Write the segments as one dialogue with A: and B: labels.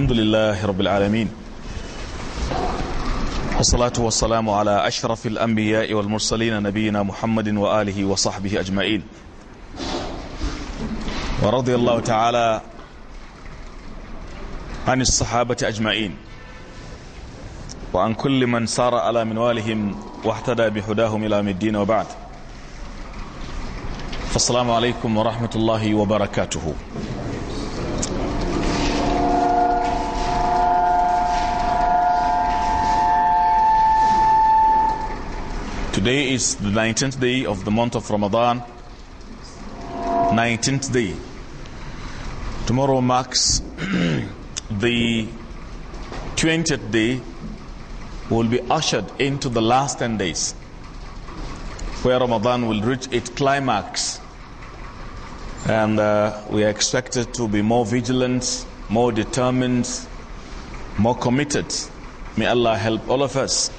A: الحمد لله رب العالمين والصلاة والسلام على أشرف الأنبياء والمرسلين نبينا محمد وآله وصحبه أجمعين ورضي الله تعالى عن الصحابة أجمعين وعن كل من سار على منوالهم واحتدى بهداهم إلى الدين وبعد فالسلام عليكم ورحمة الله وبركاته Today is the 19th day of the month of Ramadan. 19th day. Tomorrow marks the 20th day. Will be ushered into the last 10 days where Ramadan will reach its climax. And uh, we are expected to be more vigilant, more determined, more committed. May Allah help all of us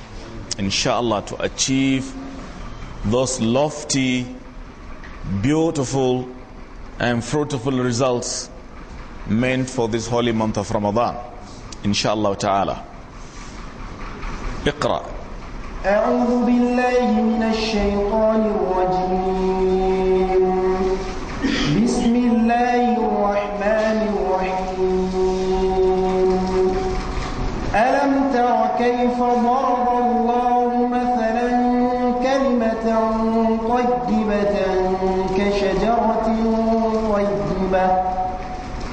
A: inshallah, to achieve those lofty, beautiful, and fruitful results meant for this holy month of Ramadan. Inshallah ta'ala. اقرأ
B: أعوذ بالله من الشيطان الرجيم بسم الله الرحمن الرحيم ألم تر كيف ضرب الله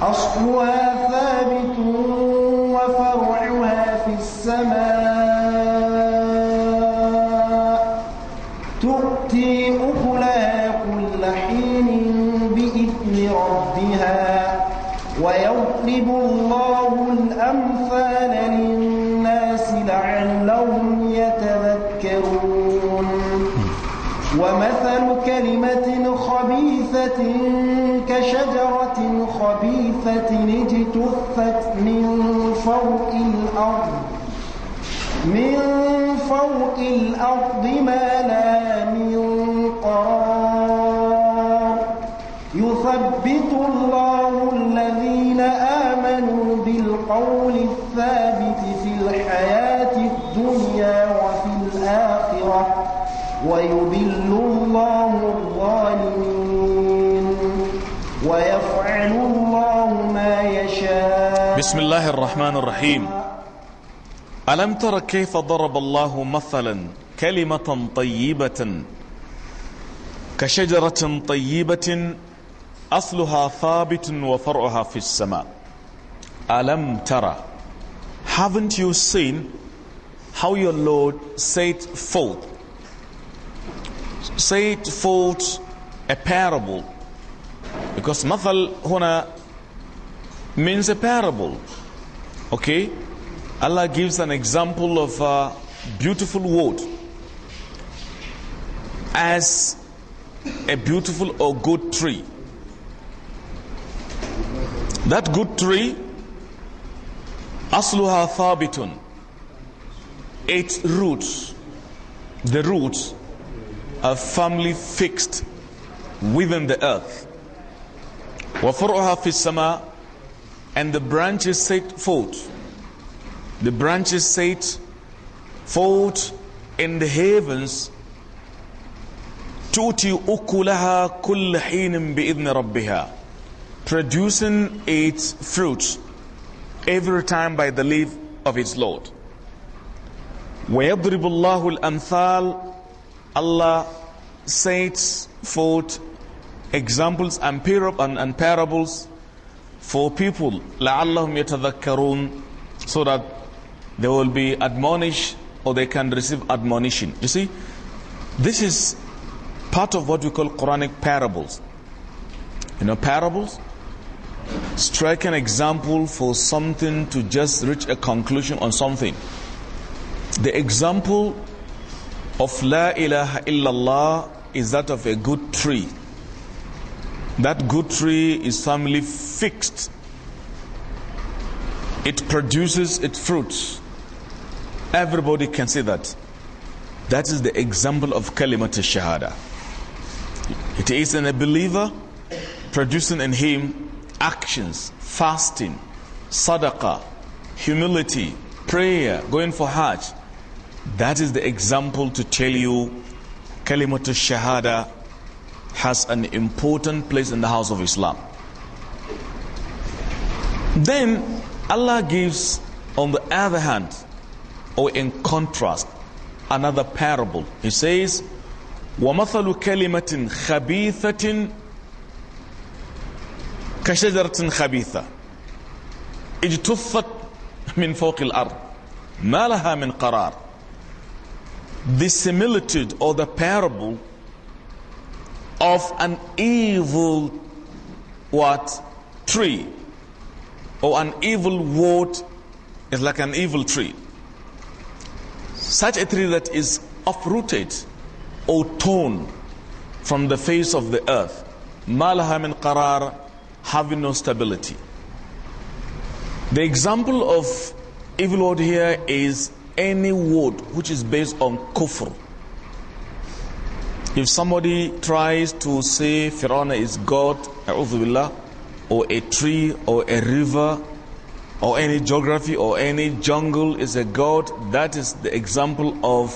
B: أصلها ثابت وفرعها في السماء تؤتي أكلها كل حين بإذن ربها ويطلب الله الأمثال للناس لعلهم يتذكرون ومثل كلمة خبيثة كشجرة خبيثة جثة اجتثت من فوق الأرض من فوق الأرض ما لَا من قرار يثبت الله الذين آمنوا بالقول الثابت في الحياة الدنيا وفي الآخرة ويضل الله الظالمين ويفعل الله بسم
A: الله الرحمن الرحيم ألم تر كيف ضرب الله مثلا كلمة طيبة كشجرة طيبة أصلها ثابت وفرعها في السماء ألم ترى Haven't you seen how your Lord set forth set forth a parable because مثل هنا means a parable. Okay? Allah gives an example of a beautiful wood as a beautiful or good tree. That good tree, asluha thabitun, its roots, the roots are firmly fixed within the earth. وَفُرْعُهَا فِي السَّمَاءِ and the branches set forth. The branches set forth in the heavens. تؤتي أكلها كل حين بإذن ربها producing its fruit every time by the leave of its Lord. ويضرب الله الأمثال Allah sets forth examples and, parables for people لَعَلَّهُمْ يَتَذَكَّرُونَ so that they will be admonished or they can receive admonition. You see, this is part of what we call Quranic parables. You know, parables strike an example for something to just reach a conclusion on something. The example of La ilaha illallah is that of a good tree that good tree is firmly fixed. It produces its fruits. Everybody can see that. That is the example of kalimat shahada. It is in a believer producing in him actions, fasting, sadaqah, humility, prayer, going for hajj. That is the example to tell you kalimat shahada has an important place in the house of Islam. Then Allah gives, on the other hand, or in contrast, another parable. He says, وَمَثَلُ كَلِمَةٍ خَبِيثَةٍ كَشَجَرَةٍ خَبِيثَةٍ اجتثت من فوق الأرض ما لها من قرار The similitude or the parable of an evil what tree or an evil wood is like an evil tree such a tree that is uprooted or torn from the face of the earth malaha min qarar having no stability the example of evil word here is any word which is based on kufr if somebody tries to say Firana is God, or a tree, or a river, or any geography, or any jungle is a God, that is the example of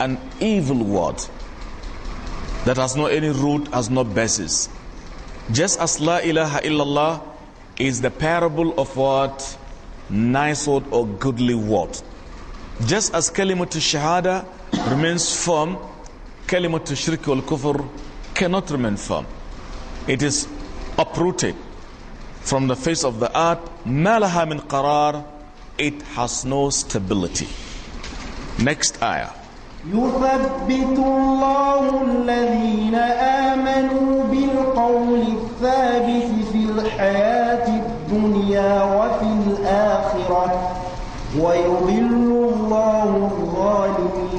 A: an evil word that has no any root, has no basis. Just as La ilaha illallah is the parable of what? Nice word or goodly word. Just as kalimat shahada remains firm kalimat shirk wal kufr cannot remain firm. It is uprooted from the face of the earth. Malaha min qarar. It has no stability. Next ayah.
B: يثبت الله الذين آمنوا بالقول الثابت في الحياة الدنيا وفي الآخرة ويضل الله الظالمين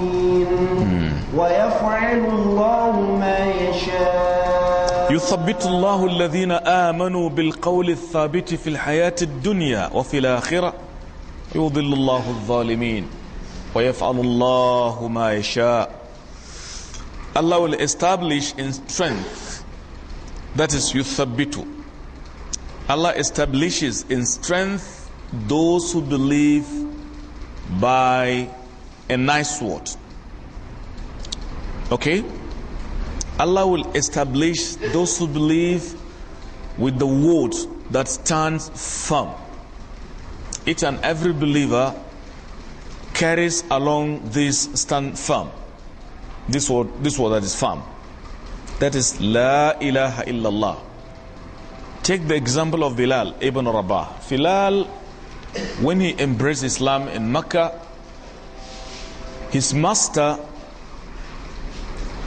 B: ويفعل الله ما يشاء يثبت
A: الله الذين آمنوا بالقول الثابت في الحياة الدنيا وفي الآخرة يضل الله الظالمين ويفعل الله ما يشاء Allah will establish in strength that is يثبت Allah establishes in strength those who believe by a nice word Okay? Allah will establish those who believe with the word that stands firm. Each and every believer carries along this stand firm. This word, this word that is firm. That is La ilaha illallah. Take the example of Bilal ibn Rabah. Bilal, when he embraced Islam in Mecca, his master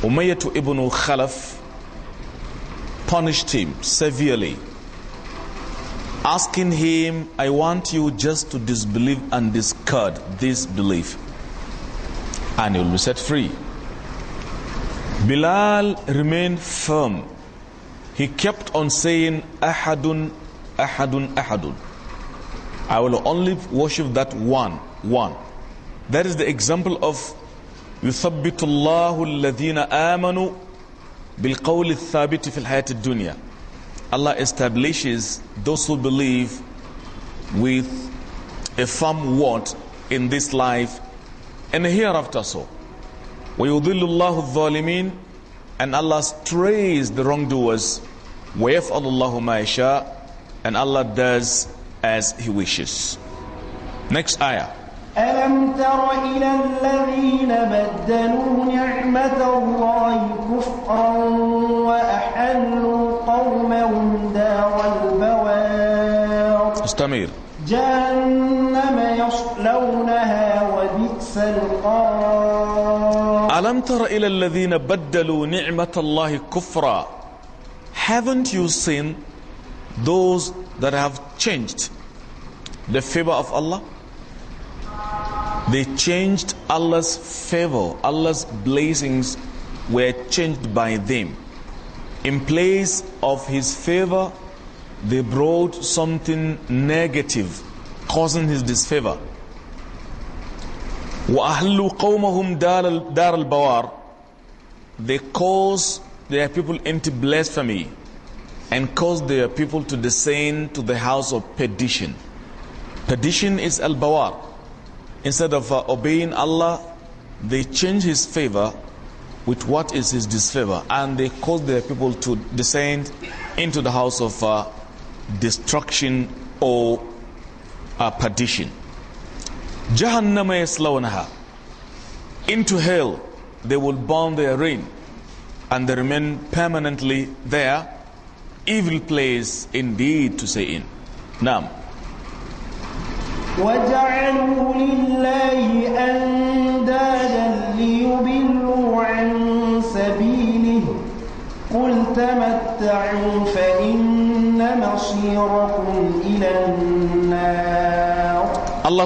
A: Umayyah ibn Khalaf punished him severely, asking him, I want you just to disbelieve and discard this belief, and you'll be set free. Bilal remained firm. He kept on saying, Ahadun, Ahadun, Ahadun. I will only worship that one, one. That is the example of يثبت الله الذين آمنوا بالقول الثابت في الحياة الدنيا Allah establishes those who believe with a firm word in this life and hereafter so. وَيُضِلُّ اللَّهُ الظَّالِمِينَ And Allah strays the wrongdoers. وَيَفْعَلُ اللَّهُ مَا يَشَاءُ And Allah does as He wishes. Next ayah.
B: ألم تر إلى الذين بدلوا نعمة الله كفرا وأحلوا قومهم دار البوار استمر جهنم يصلونها وبئس القرار
A: ألم تر إلى الذين بدلوا نعمة الله كفرا Haven't you seen those that have changed the favor of Allah? They changed Allah's favor, Allah's blessings were changed by them. In place of His favor, they brought something negative, causing His disfavor. وَأَهْلُوا قَوْمَهُمْ دَارَ الْبَوَارِ They caused their people into blasphemy and caused their people to descend to the house of perdition. Perdition is al-bawar Instead of uh, obeying Allah, they change His favor with what is His disfavor. And they cause their people to descend into the house of uh, destruction or uh, perdition. Jahannama yaslawnaha. Into hell they will burn therein and they remain permanently there. Evil place indeed to say in. Now. Allah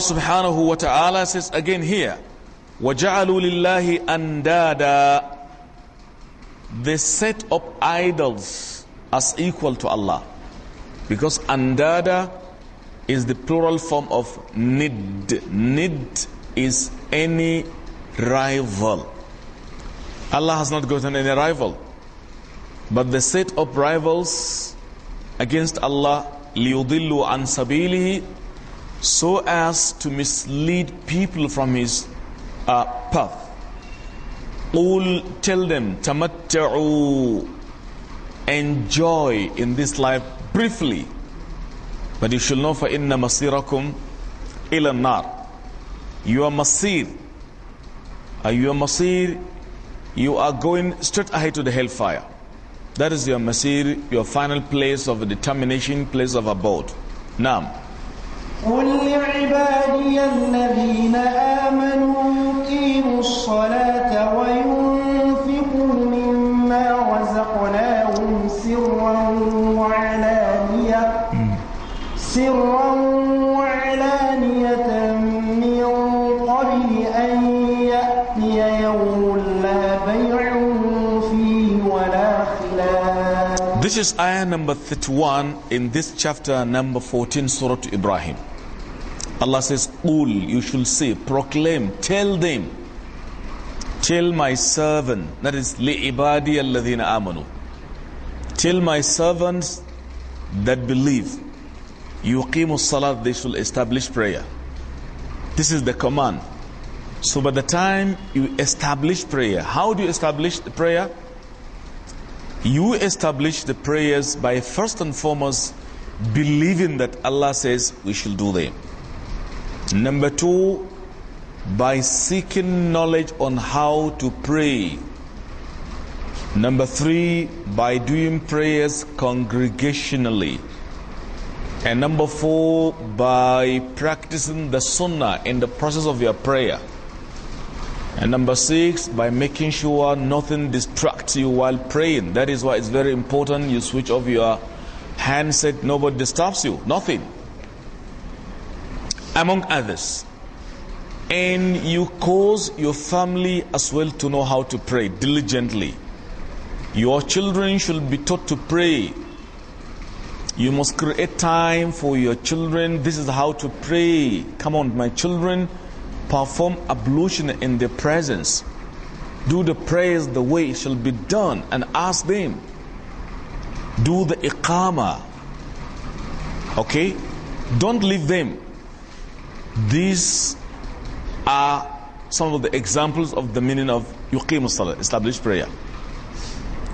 A: subhanahu wa ta'ala says again here, وَجَعَلُوا لِلَّهِ أَنْدَادًا They set up idols as equal to Allah. Because andada is the plural form of nid. Nid is any rival. Allah has not gotten any rival. But the set of rivals against Allah, لِيُضِلُّ عَنْ So as to mislead people from His uh, path. All Tell them, تَمَتَّعُوا Enjoy in this life briefly. But you should know for فَإِنَّ مَصِيرَكُمْ nar You Your masir, You your masir, you are going straight ahead to the hellfire. That is your masir, your final place of determination, place of abode. Now. This is ayah number 31 in this chapter number 14, Surah to Ibrahim. Allah says, all you shall say, proclaim, tell them, tell my servant, that is, li'ibadi alladhina amanu. Tell my servants that believe, yuqimu salat, they shall establish prayer. This is the command. So by the time you establish prayer, how do you establish the prayer? you establish the prayers by first and foremost believing that Allah says we shall do them. Number two, by seeking knowledge on how to pray. Number three, by doing prayers congregationally. And number four, by practicing the sunnah in the process of your prayer. And number six, by making sure nothing distracts you while praying. That is why it's very important you switch off your handset, nobody disturbs you, nothing. Among others. And you cause your family as well to know how to pray diligently. Your children should be taught to pray. You must create time for your children. This is how to pray. Come on, my children perform ablution in their presence, do the prayers the way it shall be done, and ask them, do the iqama. Okay? Don't leave them. These are some of the examples of the meaning of yuqim salah, established prayer.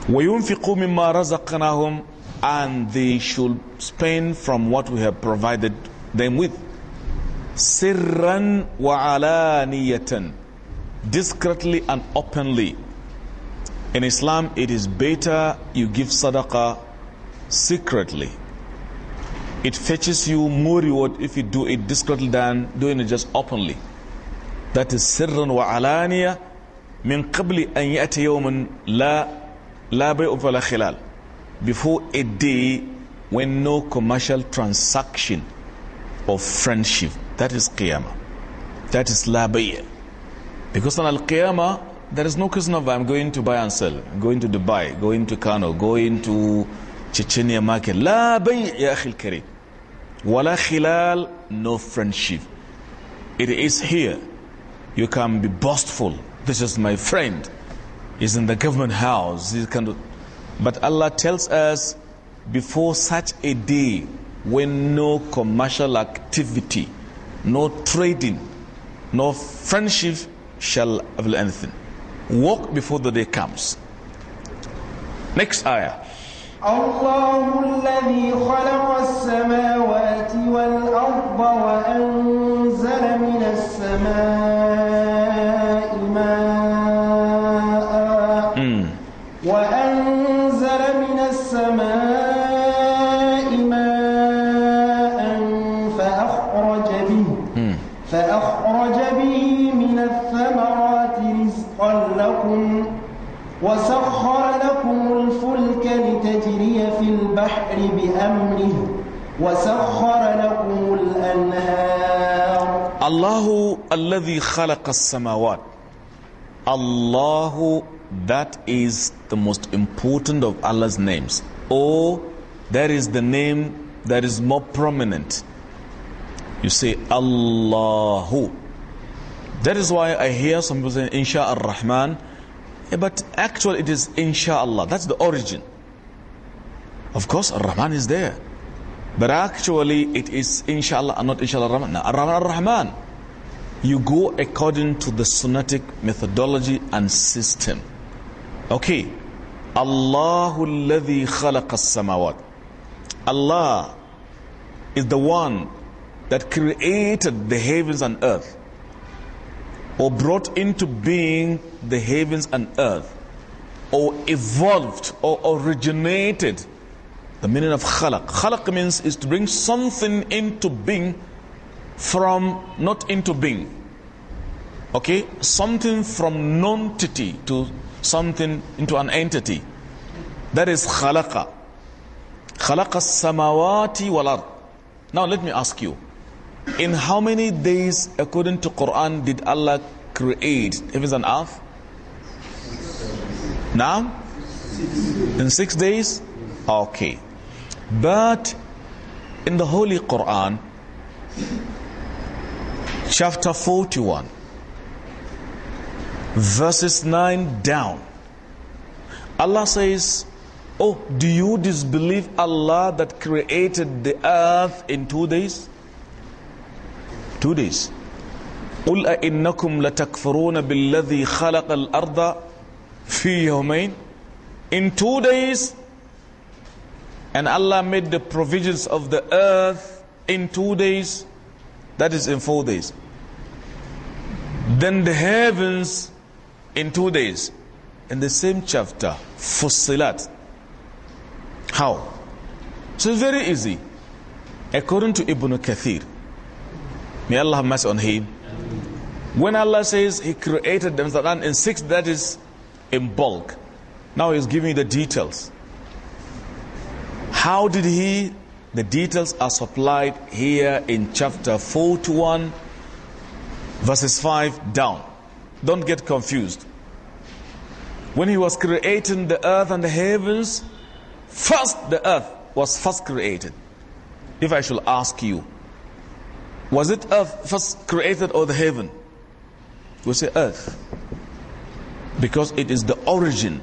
A: وَيُنْفِقُوا مِمَّا رَزَقْنَاهُمْ And they should spend from what we have provided them with sirran wa alaniyatan discreetly and openly in islam it is better you give sadaqah secretly it fetches you more reward if you do it discreetly than doing it just openly that is sirran wa alaniya min qabli an yati yawman la la bay'un wala khilal before a day when no commercial transaction of friendship that is Qiyamah. That is La Because on Al Qiyamah, there is no question of I'm going to buy and sell, I'm going to Dubai, going to Kano, going to Chechenia market. La Bay' Ya Wala Khilal, no friendship. It is here. You can be boastful. This is my friend. He's in the government house. He can do. But Allah tells us before such a day when no commercial activity no trading, no friendship shall avail anything. Walk before the day comes. Next ayah.
B: الله الذي خلق السماوات والأرض وأنزل من السماء ماء الفلك لتجري في البحر بأمره وسخر لكم الأنهار
A: الله الذي خلق السماوات اللَّهُ that is the most important of Allah's names or oh, that is the name that is more prominent you say Allahu that is why I hear some people say Insha'Allah rahman but actually it is Insha'Allah that's the origin Of course, Ar-Rahman is there. But actually, it is inshallah and not inshallah Ar-Rahman. No, Ar-Rahman, Ar-Rahman. You go according to the Sunnatic methodology and system. Okay. Allahu alladhi khalaqa samawat. Allah is the one that created the heavens and earth or brought into being the heavens and earth or evolved or originated the meaning of khalaq. Khalaq means is to bring something into being from not into being. Okay? Something from non-entity to something into an entity. That is khalaqa. Khalaqa samawati wal ard. Now let me ask you. In how many days according to Quran did Allah create heavens and earth? Now? In six days? Okay. But in the Holy Quran, chapter 41, verses 9 down, Allah says, Oh, do you disbelieve Allah that created the earth in two days? Two days. قل أئنكم لتكفرون بالذي خلق الأرض في يومين In two days and Allah made the provisions of the earth in two days, that is in four days. Then the heavens in two days. In the same chapter, Fussilat. How? So it's very easy. According to Ibn Kathir, may Allah have mercy on him. When Allah says He created them in six, that is in bulk. Now He's giving you the details. How did he? The details are supplied here in chapter 41, verses 5 down. Don't get confused. When he was creating the earth and the heavens, first the earth was first created. If I should ask you, was it earth first created or the heaven? We say earth. Because it is the origin.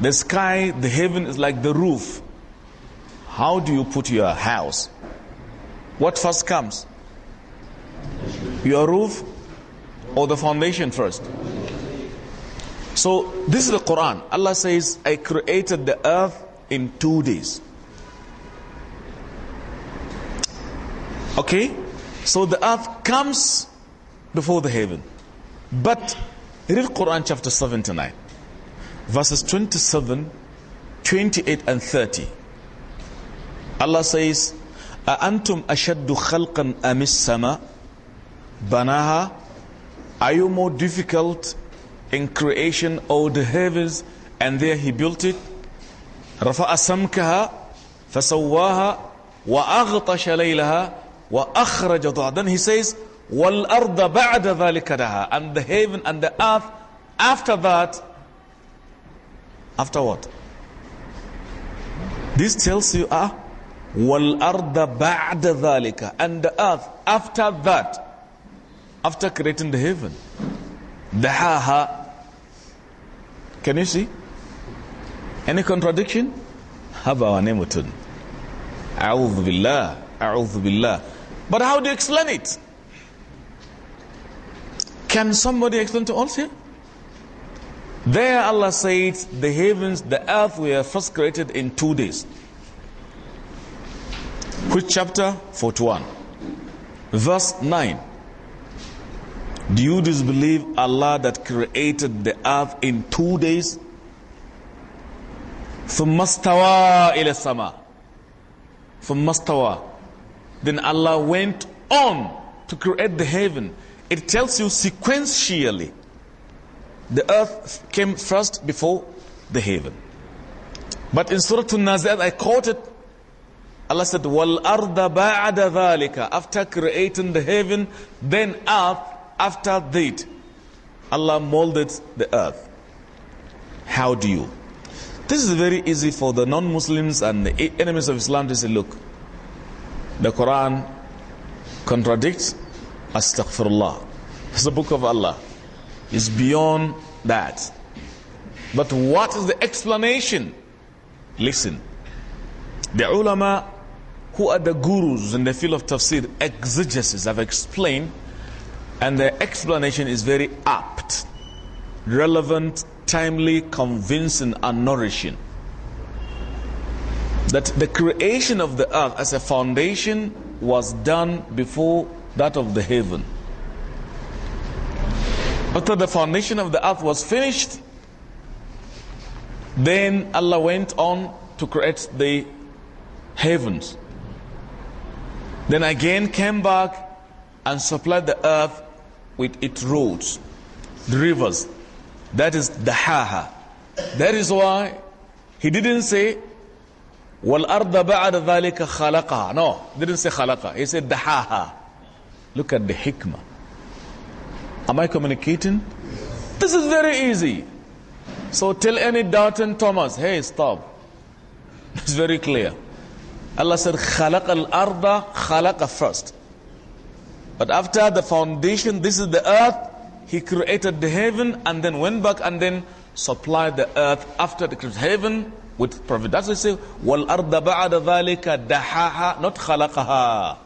A: The sky, the heaven is like the roof. How do you put your house? What first comes? Your roof or the foundation first? So this is the Quran. Allah says, I created the earth in two days. Okay? So the earth comes before the heaven. But read Quran chapter 79, verses 27, 28, and 30. Allah says, Antum ashaddu khalqan amis sama banaha. Are you more difficult in creation or the heavens? And there he built it. رفع سمكها فسواها وأغطش ليلها وأخرج ضعها. Then he says, وَالْأَرْضَ بَعْدَ ذَلِكَ دَهَا And the heaven and the earth after that, after what? This tells you, ah, وَالْأَرْضَ بَعْدَ ذَلِكَ And the earth after that, after creating the heaven, ha. Can you see? Any contradiction? Have our name Habawanimatun. A'udhu billah, a'udhu billah. But how do you explain it? Can somebody explain to us here? There Allah says the heavens, the earth were first created in two days which chapter 41 verse 9 do you disbelieve Allah that created the earth in two days ثم استوى إلى السماء ثم then Allah went on to create the heaven it tells you sequentially the earth came first before the heaven but in Surah An-Nazi'at I quoted Allah said, Wal arda ba'ada dhalika. After creating the heaven, then earth, after that, Allah molded the earth. How do you? This is very easy for the non Muslims and the enemies of Islam to say, look, the Quran contradicts Astaghfirullah. It's the book of Allah. It's beyond that. But what is the explanation? Listen. The ulama who are the gurus in the field of tafsir, exegesis, have explained, and their explanation is very apt, relevant, timely, convincing, and nourishing. That the creation of the earth as a foundation was done before that of the heaven. After the foundation of the earth was finished, then Allah went on to create the heavens. Then again came back and supplied the earth with its roads, the rivers. That is the That is why he didn't say arda baad ذَلِكَ khalaqa. No, didn't say khalaqa. He said دَحَاهَا. Look at the hikmah. Am I communicating? This is very easy. So tell any doubting Thomas, hey, stop. It's very clear. Allah said, Khalaq al arda, khalaqa first. But after the foundation, this is the earth, He created the heaven and then went back and then supplied the earth after the heaven with providence. That's why say, Wal arda ba'ada dhalika dahaha, not khalaqaha.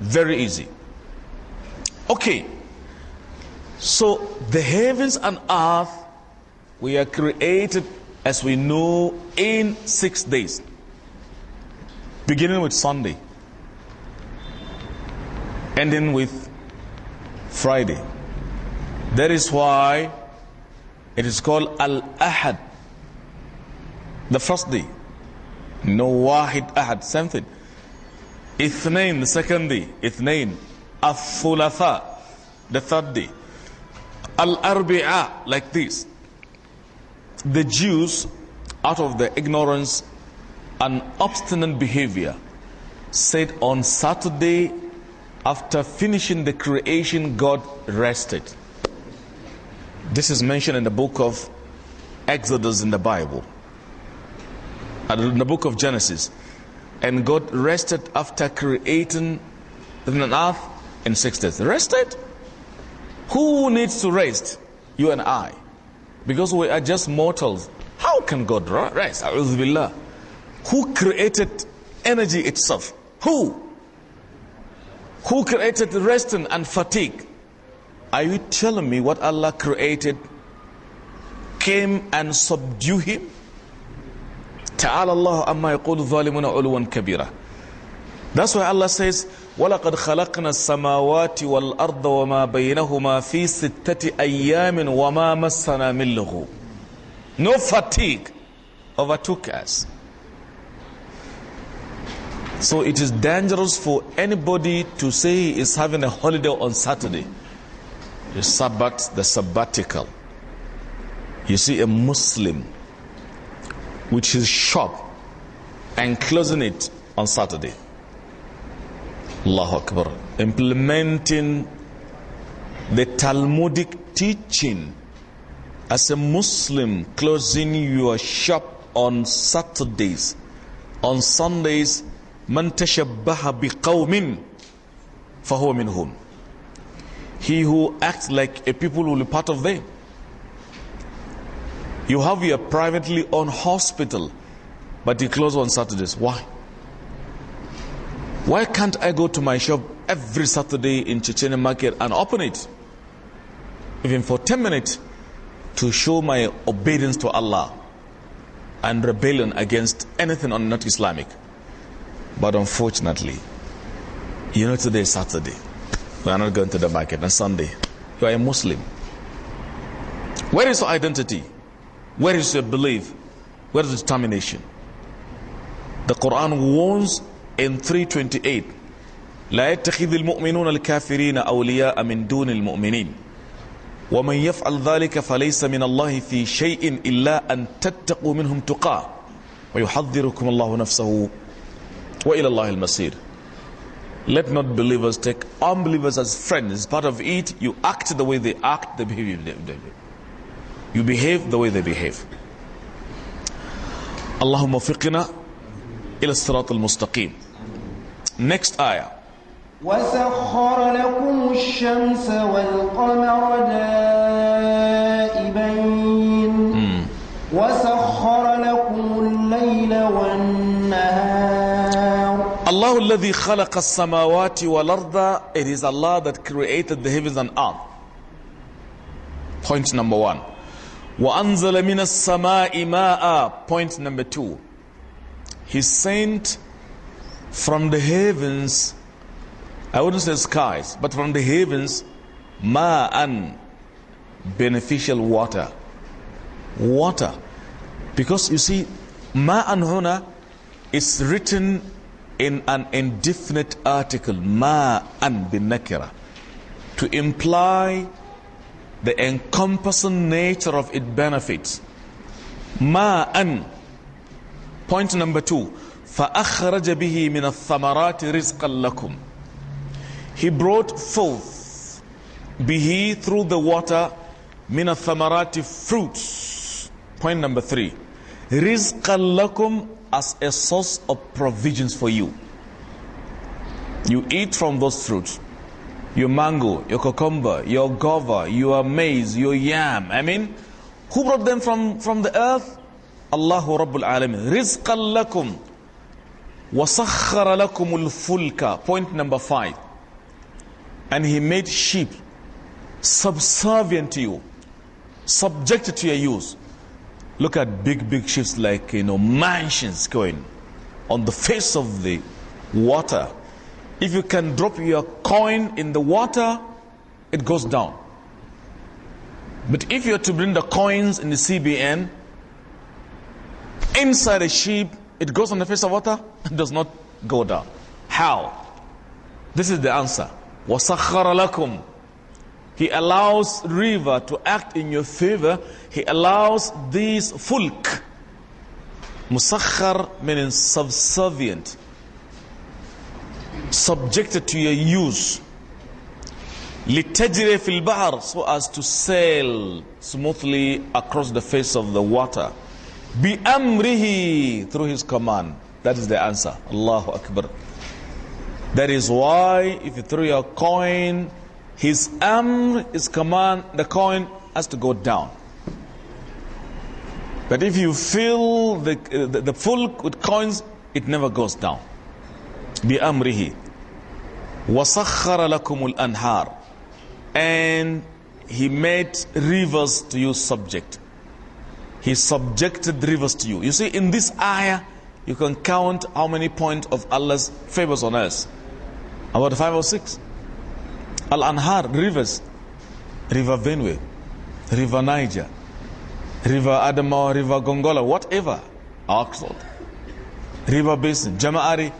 A: Very easy. Okay. So the heavens and earth we are created as we know in six days beginning with Sunday, ending with Friday. That is why it is called Al Ahad, the first day. No Wahid Ahad, something. Ithnain, the second day. Ithnain. Al the third day. Al Arbi'a, like this. The Jews, out of the ignorance, an obstinate behavior, said on Saturday after finishing the creation, God rested. This is mentioned in the book of Exodus in the Bible, in the book of Genesis. And God rested after creating the earth in six days. Rested? Who needs to rest? You and I. Because we are just mortals. How can God rest? A'udhu Billah. Who created energy itself? Who? Who created rest and fatigue? Are you telling me what Allah created came and subdued him? Ta'ala Allah أما يقول الظالمون علوا That's why Allah says وَلَقَدْ خَلَقْنَا السَّمَاوَاتِ وَالْأَرْضَ وَمَا بَيْنَهُمَا فِي سِتَّةِ أَيَّامٍ وَمَا مَسَّنَا مِن لُغُوب No fatigue overtook us. So it is dangerous for anybody to say he is having a holiday on Saturday. The Sabbath, the sabbatical. You see a Muslim with his shop and closing it on Saturday. Allahu Akbar. Implementing the Talmudic teaching as a Muslim closing your shop on Saturdays, on Sundays, Man tashabbaha biqawmin fahuwa minhum. He who acts like a people will be part of them. You have your privately owned hospital, but you close on Saturdays. Why? Why can't I go to my shop every Saturday in chechen market and open it? Even for 10 minutes to show my obedience to Allah and rebellion against anything not Islamic. But unfortunately, you know, today is Saturday. We are not going to the market on Sunday. You are a Muslim. Where is your identity? Where is your belief? Where is the determination? The Quran warns in 328 لا يتخذ المؤمنون الكافرين أولياء من دون المؤمنين ومن يفعل ذلك فليس من الله في شيء إلا أن تتقوا منهم تقى ويحذركم الله نفسه وَإِلَى اللَّهِ الْمَصِيرِ Let not believers take unbelievers as friends. part of it. You act the way they act, they behave. You behave the way they behave. اللهم فقنا إلى الصراط المستقيم. Next ayah.
B: وسخر لكم الشمس والقمر دار
A: الذي خلق السماوات والأرض It is Allah that created the heavens and earth. Point number one. وأنزل من السماء ماء Point number two. He sent from the heavens, I wouldn't say skies, but from the heavens, ma'an, beneficial water. Water. Because you see, ma'an huna is written in an indefinite article, ma an binakira, to imply the encompassing nature of its benefits. Ma an. Point number two. فأخرج به من الثمرات رزقا لكم. He brought forth به through the water من الثمرات fruits. Point number three. رزقا لكم as a source of provisions for you. You eat from those fruits your mango, your cucumber, your guava, your maize, your yam. I mean, who brought them from, from the earth? Allahu Rabbul Alamin. Rizqan lakum. وَسَخَّرَ Point number five. And he made sheep subservient to you, subjected to your use. Look at big, big ships like, you know, mansions going on the face of the water. If you can drop your coin in the water, it goes down. But if you're to bring the coins in the CBN inside a ship, it goes on the face of water, it does not go down. How? This is the answer. وَسَخَّرَ لَكُمْ he allows river to act in your favor. He allows these fulk. Musakhar meaning subservient. Subjected to your use. litajire fil so as to sail smoothly across the face of the water. Bi amrihi through his command. That is the answer. Allahu Akbar. That is why if you throw your coin his am is command, the coin has to go down. But if you fill the, uh, the, the, full with coins, it never goes down. بأمره وسخر لكم anhar, and he made rivers to you subject. He subjected rivers to you. You see, in this ayah, you can count how many points of Allah's favors on us. About five or six. Al-Anhar, rivers, River Benue, River Niger, River Adamawa, River Gongola, whatever, Oxford, River Basin, Jama'ari,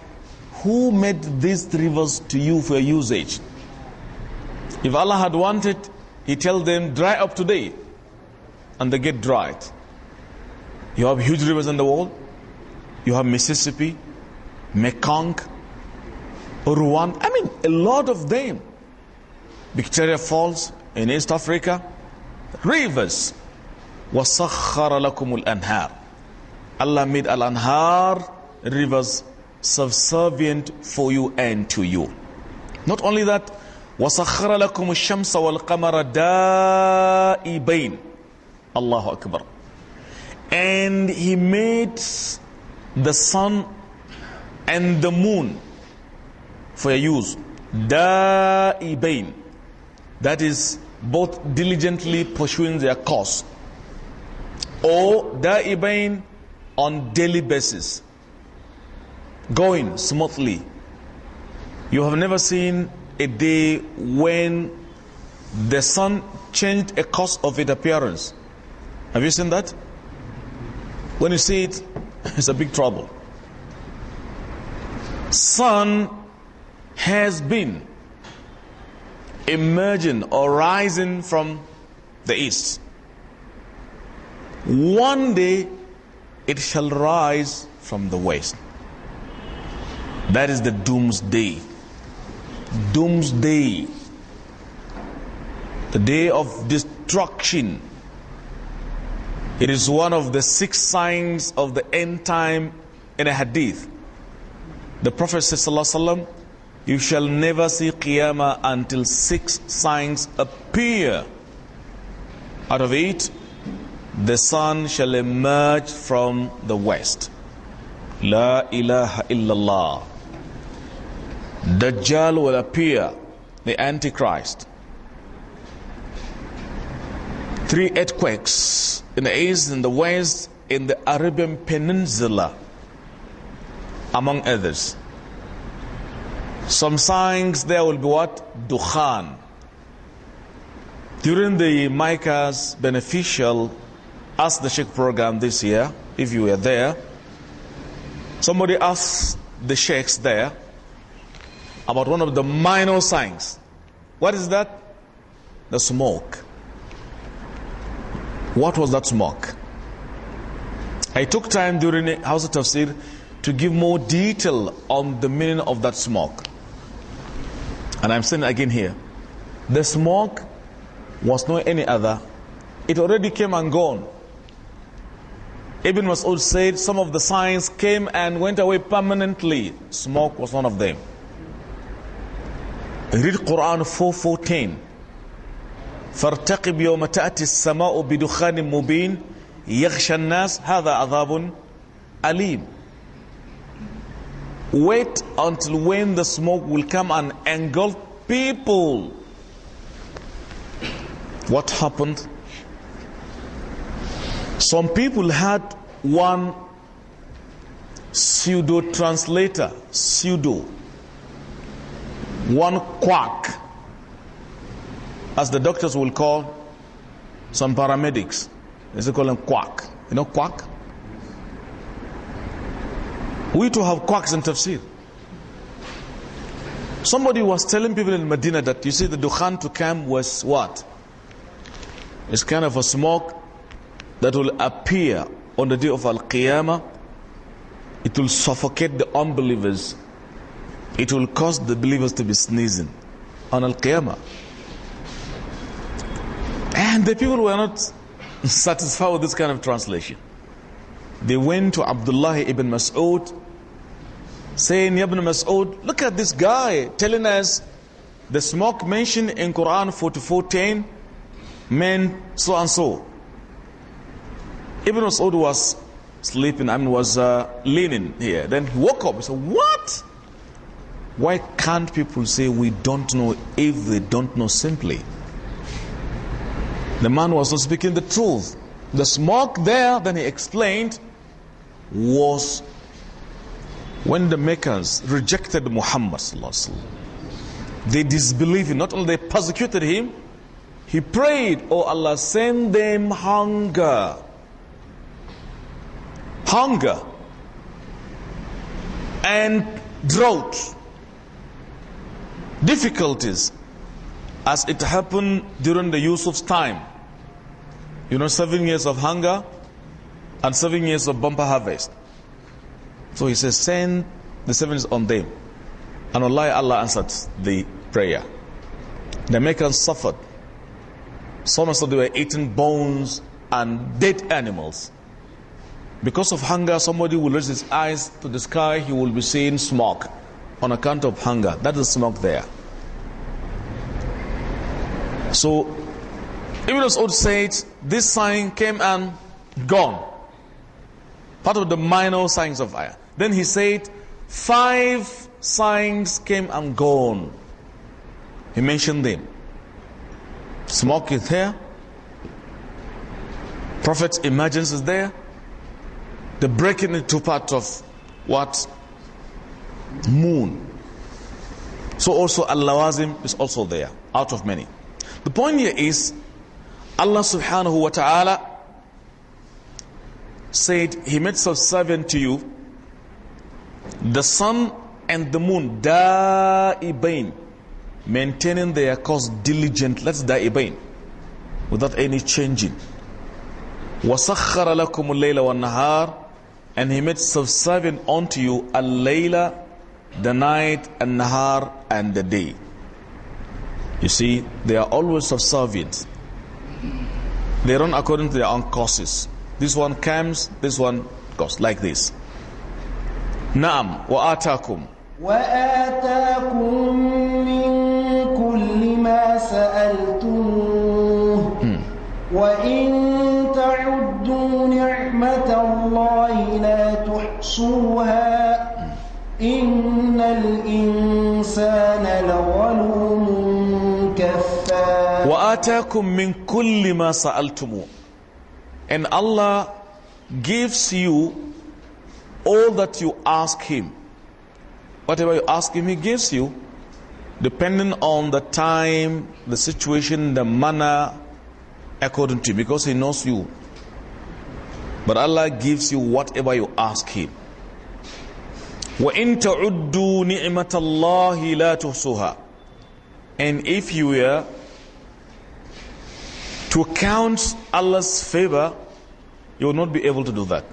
A: who made these rivers to you for usage? If Allah had wanted, He tells them, dry up today, and they get dried. You have huge rivers in the world. You have Mississippi, Mekong, Rwanda. I mean, a lot of them. Victoria Falls in East Africa, rivers. وَسَخَّرَ لَكُمُ الْأَنْهَارِ Allah made al-anhar, rivers, subservient for you and to you. Not only that, وَسَخَّرَ لَكُمُ الشَّمْسَ وَالْقَمَرَ دَائِبَيْنِ Allahu Akbar. And He made the sun and the moon for your use. دَائِبَينَ that is, both diligently pursuing their course, or da'ibain on daily basis, going smoothly. You have never seen a day when the sun changed a course of its appearance. Have you seen that? When you see it, it's a big trouble. Sun has been emerging or rising from the east. One day it shall rise from the west. That is the doomsday. Doomsday. The day of destruction. It is one of the six signs of the end time in a hadith. The Prophet sallallahu you shall never see Qiyamah until six signs appear. Out of it, the sun shall emerge from the west. La ilaha illallah. Dajjal will appear, the Antichrist. Three earthquakes in the east, in the west, in the Arabian Peninsula, among others. Some signs there will be what? Dukhan. During the Micah's beneficial Ask the Sheikh program this year, if you were there, somebody asked the sheikhs there about one of the minor signs. What is that? The smoke. What was that smoke? I took time during House of Tafsir to give more detail on the meaning of that smoke. And I'm saying again here the smoke was no any other, it already came and gone. Ibn Mas'ud said some of the signs came and went away permanently. Smoke was one of them. Read Quran 4.14 فارتقب يوم يَوْمَ السماء بدخان مبين يغشى الناس هذا عذاب أليم Wait until when the smoke will come and engulf people. What happened? Some people had one pseudo translator, pseudo, one quack, as the doctors will call some paramedics. They call them quack. You know quack? We too have quacks in tafsir. Somebody was telling people in Medina that you see the Dukhan to come was what? It's kind of a smoke that will appear on the day of Al Qiyamah. It will suffocate the unbelievers. It will cause the believers to be sneezing on Al Qiyamah. And the people were not satisfied with this kind of translation. They went to Abdullah ibn Mas'ud saying, Ibn Mas'ud, look at this guy telling us the smoke mentioned in Quran 44.10 meant so and so. Ibn Mas'ud was sleeping, I mean was uh, leaning here. Then he woke up and said, what? Why can't people say we don't know if they don't know simply? The man was not speaking the truth. The smoke there, then he explained, was when the Meccans rejected Muhammad. They disbelieved him. Not only they persecuted him, he prayed, Oh Allah, send them hunger. Hunger and drought, difficulties, as it happened during the Yusuf's time. You know, seven years of hunger, and seven years of bumper harvest. So he says, send the sevens on them. And Allah, Allah answered the prayer. The Americans suffered. So much that they were eating bones and dead animals. Because of hunger, somebody will raise his eyes to the sky, he will be seeing smoke on account of hunger. That is smoke there. So even Ibn say it. This sign came and gone part of the minor signs of ayah. Then he said, five signs came and gone. He mentioned them. Smoke is there. Prophet's emergence is there. The breaking into part of what? Moon. So also al is also there, out of many. The point here is, Allah subhanahu wa ta'ala said, He makes subservient servant to you, the sun and the moon, da'ibain, maintaining their course diligent. Let's da'ibain, without any changing. وَسَخَّرَ لَكُمُ اللَّيْلَ وَالنَّهَارِ And He made subservient unto you al-layla, the night, and nahar, and the day. You see, they are always subservient. They run according to their own courses. This one comes, this one goes, like this. Naam, وآتاكم
B: وآتاكم من كل ما سألتموه وإن تعدوا نعمة الله لا تحصوها إن الإنسان لظلوم كفار
A: وآتاكم من كل ما سألتموه And Allah gives you all that you ask Him. Whatever you ask Him, He gives you, depending on the time, the situation, the manner, according to Him, because He knows you. But Allah gives you whatever you ask Him. وَإِن تَعُدُّوا نِعْمَةَ اللَّهِ And if you were to count Allah's favor, you will not be able to do that.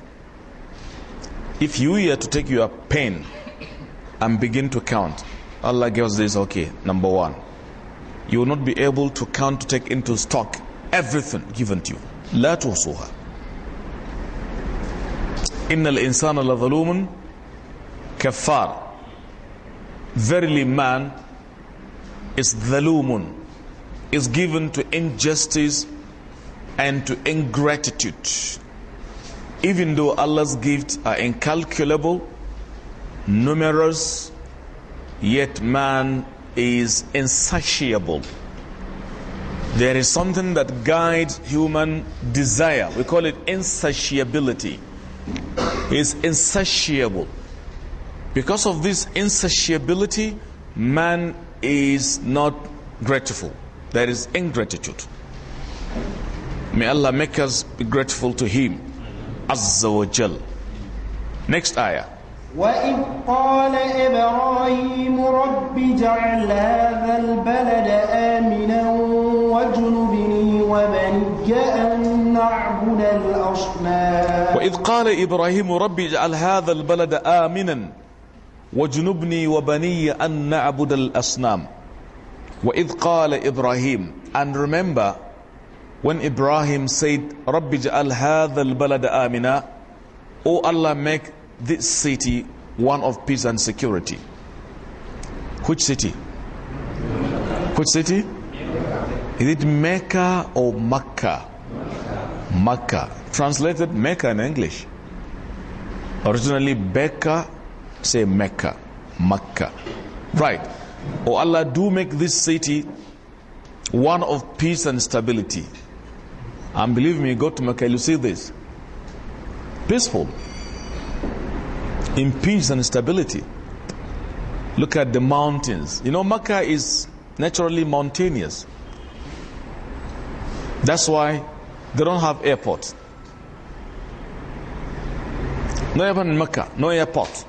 A: If you were to take your pen and begin to count, Allah gives this, okay, number one. You will not be able to count to take into stock everything given to you. لا توصوها. إن الإنسان لظلوم كفار. Verily man is ظلوم is given to injustice and to ingratitude. Even though Allah's gifts are incalculable, numerous, yet man is insatiable. There is something that guides human desire. We call it insatiability. It's insatiable. Because of this insatiability, man is not grateful. there is ingratitude. May Allah make us be grateful to Him. Azza wa Jal. Next ayah.
B: وإذ قال إبراهيم رب جعل هذا البلد آمنا واجنبني وبني أن نعبد الأصنام
A: وإذ قال إبراهيم رب اجعل هذا البلد آمنا واجنبني وبني أن نعبد الأصنام وَإِذْ قَالَ إِبْرَاهِيمُ And remember when Ibrahim said, رَبِّ جَعَلْ هَذَا الْبَلَدَ آمِنًا O Allah, make this city one of peace and security. Which city? Which city? Is it Mecca or Makkah? Makkah. Translated Mecca in English. Originally, Becca, say Mecca. Makkah. Right. O oh Allah, do make this city one of peace and stability. And believe me, go to Mecca, you see this. Peaceful. In peace and stability. Look at the mountains. You know, Mecca is naturally mountainous. That's why they don't have airport. No airport in Mecca, no airport.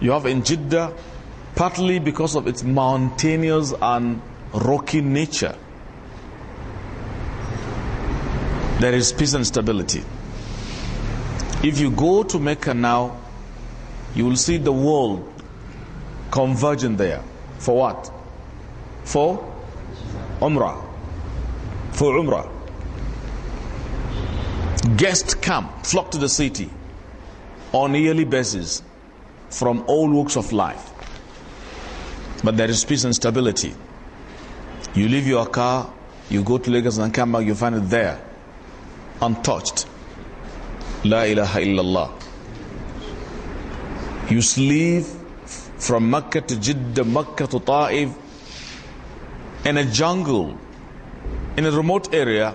A: You have in Jeddah, partly because of its mountainous and rocky nature. There is peace and stability. If you go to Mecca now, you will see the world converging there. For what? For Umrah. For Umrah. Guests come, flock to the city on a yearly basis from all walks of life. But there is peace and stability. You leave your car, you go to Lagos and come back, you find it there, untouched. La ilaha illallah. You sleep from Mecca to Jeddah, Mecca to Ta'if, in a jungle, in a remote area,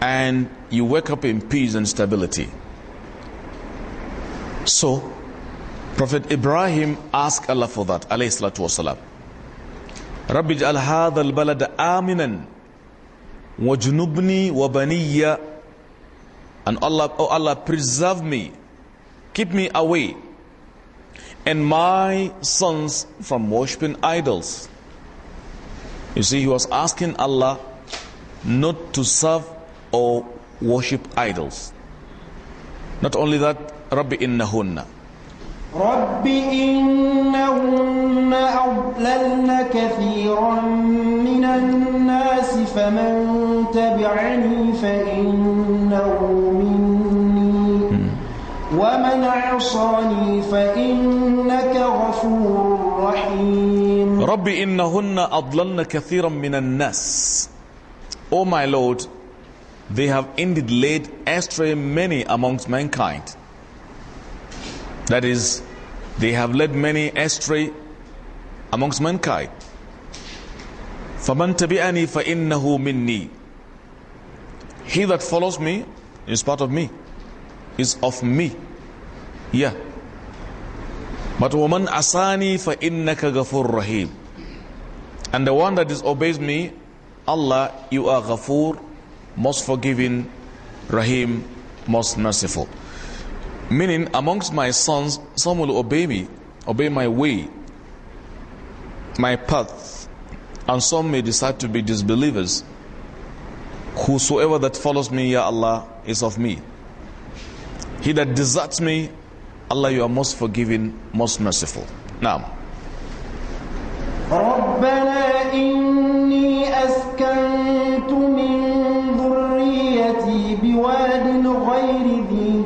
A: and you wake up in peace and stability. So, Prophet Ibrahim asked Allah for that, alayhi salatu wasalam. Rabbi al al-balada aminan wajnubni wa baniya and Allah, oh Allah, preserve me, keep me away, and my sons from worshipping idols. You see, he was asking Allah not to serve or worship idols. Not only that, Rabbi innahunna.
B: رب إنهم أضللن كثيرا من الناس فمن تبعني فإنه مني ومن عصاني فإنك غفور رحيم رب
A: إنهن أضللن كثيرا من الناس O oh my Lord, they have indeed laid astray many amongst mankind. That is, they have led many astray amongst mankind. فَمَنْ تَبِعَنِي فَإِنَّهُ مِنِّي He that follows me is part of me, is of me. Yeah. But وَمَنْ أَصَانِي فَإِنَّكَ غَفُورٌ رَحِيمٌ And the one that disobeys me, Allah, you are Ghafur, most forgiving, Rahim, most merciful. Meaning, amongst my sons, some will obey me, obey my way, my path, and some may decide to be disbelievers. Whosoever that follows me, Ya Allah, is of me. He that deserts me, Allah, you are most forgiving, most merciful. Now.
B: ربنا إني أسكنت من ذريتي بواد غير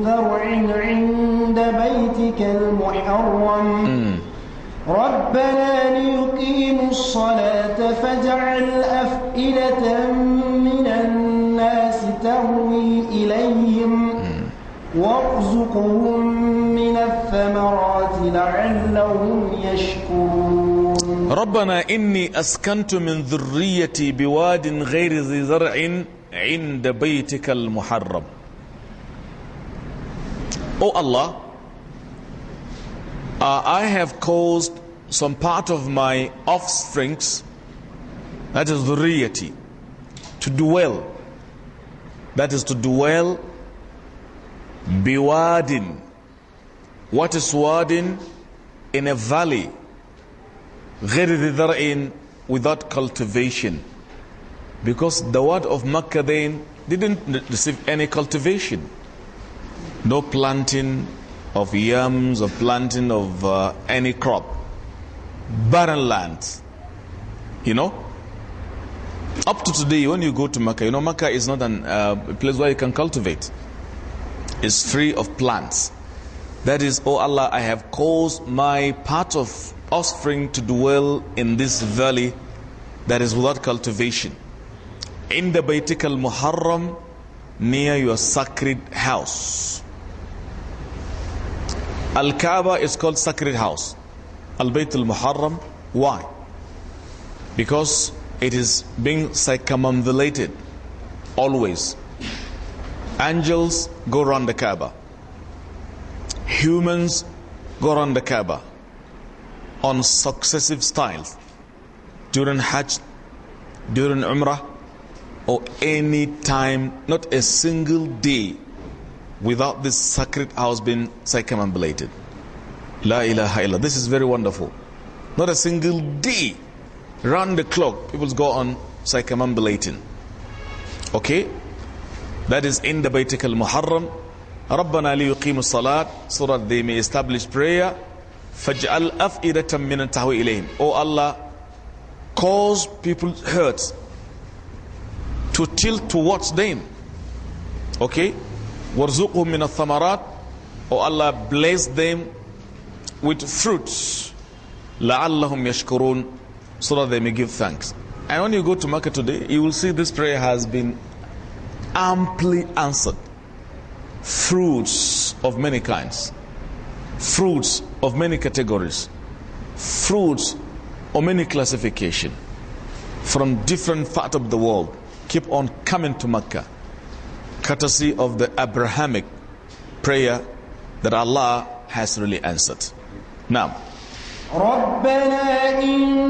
B: زرع عند بيتك المحرم ربنا ليقيموا الصلاة فاجعل أفئدة من الناس تهوي إليهم وارزقهم من الثمرات لعلهم يشكرون
A: ربنا إني أسكنت من ذريتي بواد غير ذي زرع عند بيتك المحرم O oh Allah, uh, I have caused some part of my offsprings, that is the dhurriyati, to dwell, that is to dwell biwadin. What is wadin? In a valley, غير without cultivation. Because the word of Makkadain didn't receive any cultivation no planting of yams or planting of uh, any crop. Barren land. You know? Up to today, when you go to Makkah, you know, Makkah is not uh, a uh, place where you can cultivate. It's free of plants. That is, O oh Allah, I have caused my part of offspring to dwell in this valley that is without cultivation. In the al Muharram, near your sacred house. Al-Kaaba is called sacred house. Al-Bayt al-Muharram. Why? Because it is being circumambulated always. Angels go around the Kaaba. Humans go around the Kaaba on successive styles during Hajj, during Umrah, or any time, not a single day without this sacred house being circumambulated. La ilaha illa. This is very wonderful. Not a single day, round the clock, people go on circumambulating. Okay? That is in the Bayt al-Muharram. ربنا ليقيموا الصلاة so that they may establish prayer فاجعل أفئدة من تهوي إليهم Oh Allah cause people's hearts to tilt towards them okay وَارْزُقْهُمْ مِنَ الثَّمَرَاتِ O Allah, bless them with fruits. لَعَلَّهُمْ يَشْكُرُونَ So that they may give thanks. And when you go to market today, you will see this prayer has been amply answered. Fruits of many kinds. Fruits of many categories. Fruits of many classification. From different part of the world. Keep on coming to Makkah courtesy of the Abrahamic prayer that Allah has really answered. Now,
B: ربنا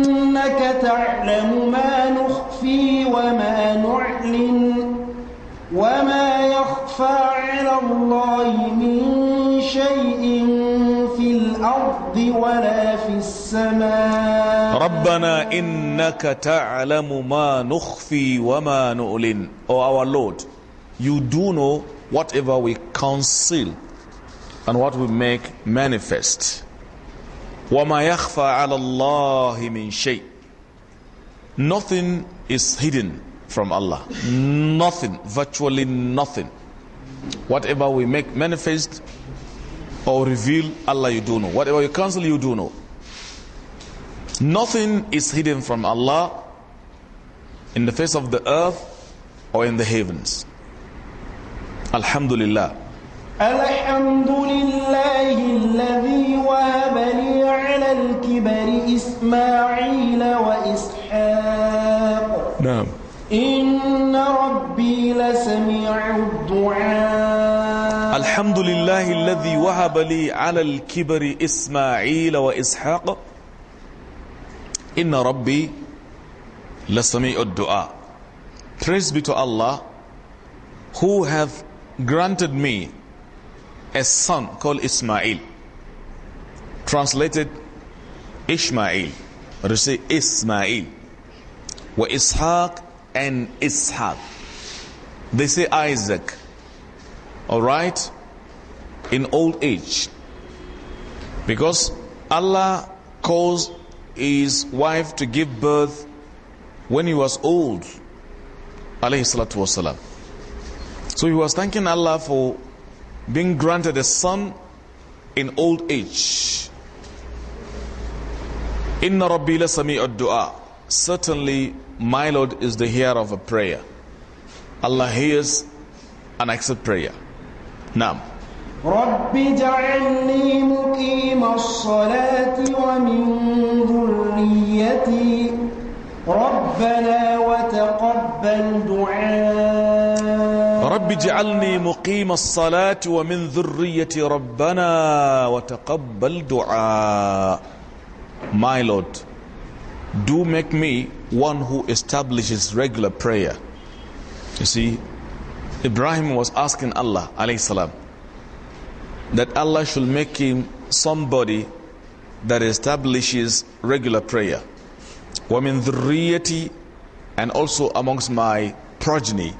B: إنك تعلم ما نخفي وما نعلن وما يخفى على الله من شيء في الأرض ولا في السماء
A: ربنا إنك تعلم ما نخفي وما نعلن Oh our Lord you do know whatever we conceal and what we make manifest. وَمَا يَخْفَى عَلَى اللَّهِ مِنْ شَيْءٍ Nothing is hidden from Allah. Nothing, virtually nothing. Whatever we make manifest or reveal, Allah you do know. Whatever you counsel, you do know. Nothing is hidden from Allah in the face of the earth or in the heavens. الحمد لله
B: الحمد لله الذي وهب لي على الكبر إسماعيل وإسحاق نعم إن ربي لسميع الدعاء
A: الحمد لله الذي وهب لي على الكبر إسماعيل وإسحاق إن ربي لسميع الدعاء Praise be to Allah who have granted me a son called Ismail. Translated Ishmael. Or you say Ismail. Ishaq and Ishaq. They say Isaac. Alright? In old age. Because Allah caused his wife to give birth when he was old. Alayhi salatu wasalam. So he was thanking Allah for being granted a son in old age. Inna Rabbi ad du'a. Certainly my Lord is the hearer of a prayer. Allah hears and accepts prayer. Now.
B: رب جعلني wa min ومن ذريتي wa وتقبل دعائي
A: رب اجعلني مقيم الصلاة ومن ذرية ربنا وتقبل دعاء My Lord, do make me one who establishes regular prayer. You see, Ibrahim was asking Allah alayhi salam, that Allah should make him somebody that establishes regular prayer. وَمِن ذُرِّيَّتِي And also amongst my progeny,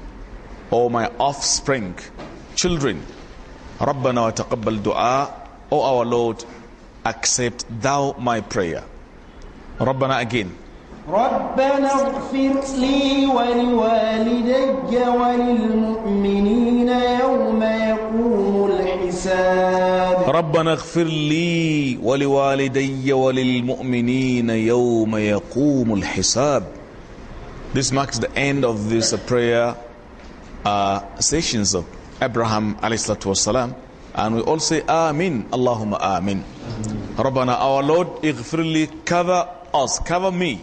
A: or my offspring, children. رَبَّنَا وَتَقَبَّلْ دُعَاء O our Lord, accept thou my prayer. رَبَّنَا again.
B: رَبَّنَا اغْفِرْ لِي وَلِوَالِدَيَّ وَلِلْمُؤْمِنِينَ يَوْمَ يَقُومُ الْحِسَابِ
A: رَبَّنَا اغْفِرْ لِي وَلِوَالِدَيَّ وَلِلْمُؤْمِنِينَ يَوْمَ يَقُومُ الْحِسَابِ This marks the end of this prayer uh, sessions of Abraham والسلام, and we all say Amin, Allahumma Amin. Rabbana, our Lord, ighfirli, cover us, cover me,